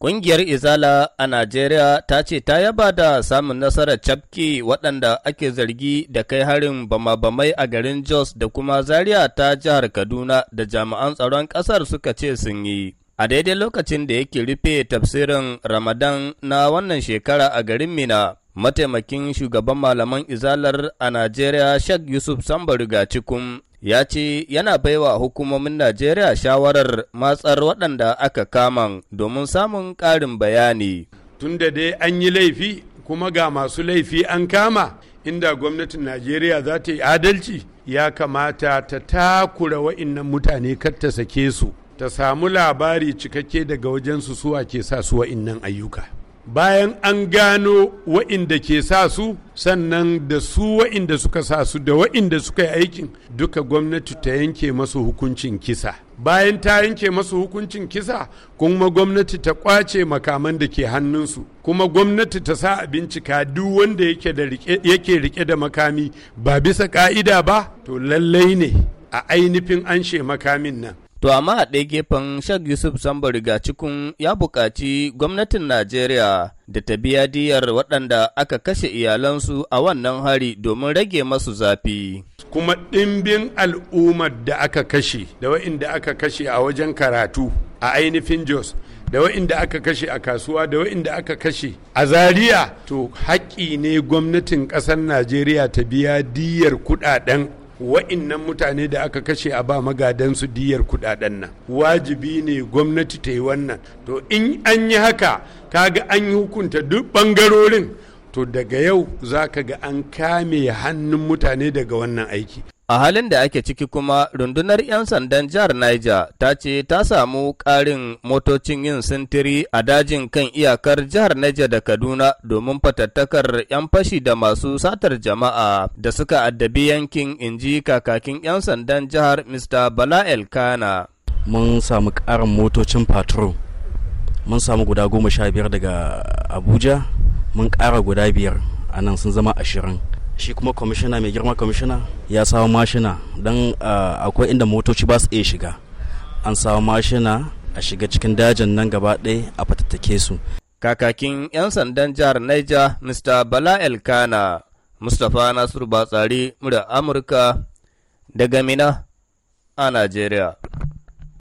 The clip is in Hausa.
Ƙungiyar Izala a Najeriya ta ce ta yaba da samun nasarar cafke waɗanda ake zargi da kai harin bama-bamai a garin Jos da kuma Zaria ta jihar Kaduna da jami'an tsaron ƙasar suka ce sun yi. A daidai lokacin da yake rufe tafsirin Ramadan na wannan shekara a garin Mina, mataimakin shugaban malaman Izalar a Najeriya Sheikh Yusuf Sambariga Cikum ya ce yana baiwa hukumomin Najeriya shawarar matsar waɗanda aka kama domin samun ƙarin bayani. Tun da dai an yi laifi kuma ga masu laifi an kama inda gwamnatin Najeriya za ta yi adalci ya kamata ta takura wa'innan mutane kar ta sake su ta samu labari cikakke daga wajensu suwa ke sa su wa'innan ayyuka. bayan an gano wa'inda ke sa su sannan da su wa'inda suka sa su da wa'inda suka yi aikin duka gwamnati ta yanke masu hukuncin kisa bayan ta yanke masu hukuncin kisa kuma gwamnati ta kwace makaman da ke hannunsu kuma gwamnati ta sa bincika duk wanda yake rike da makami ba bisa ka'ida ba to lallai ne a ainihin an makamin nan To amma a ɗaya gefen Shag Yusuf Samba cikin ya buƙaci gwamnatin Najeriya da ta biya diyar waɗanda aka kashe iyalansu a wannan hari domin rage masu zafi. Kuma ɗimbin al'ummar da aka kashe, da wa'inda aka kashe a wajen karatu a ainihin Jos, da wa'inda aka kashe a kasuwa, da wa'inda aka kashe a Zaria, to haƙƙi ne gwamnatin ƙasar Najeriya ta biya diyar kuɗaɗen wa'innan mutane da aka kashe a ba magadansu diyar kudaden nan wajibi ne gwamnati ta yi wannan to in an yi haka kaga an yi hukunta duk bangarorin to daga yau za ka ga an kame hannun mutane daga wannan aiki A halin da ake ciki kuma rundunar 'yan sandan jihar Niger ta ce ta samu ƙarin motocin yin sintiri a dajin kan iyakar jihar Niger da Kaduna domin fatattakar 'yan fashi da masu satar jama'a da suka addabi yankin inji kakakin 'yan sandan jihar Mr. Bala Kana. Mun samu ƙarin motocin patrol, mun samu guda goma sha biyar daga Abuja, mun ƙara guda biyar, a nan sun zama ashirin. shi kuma kwamishina mai girma kwamishina ya samu mashina don ah, akwai inda motoci ba su iya shiga an samu mashina a shiga cikin dajin nan gaba ɗaya a fatattake su kakakin 'yan sandan jihar niger mr bala elkana mustapha nasiru batsari murya amurka daga mina a nigeria.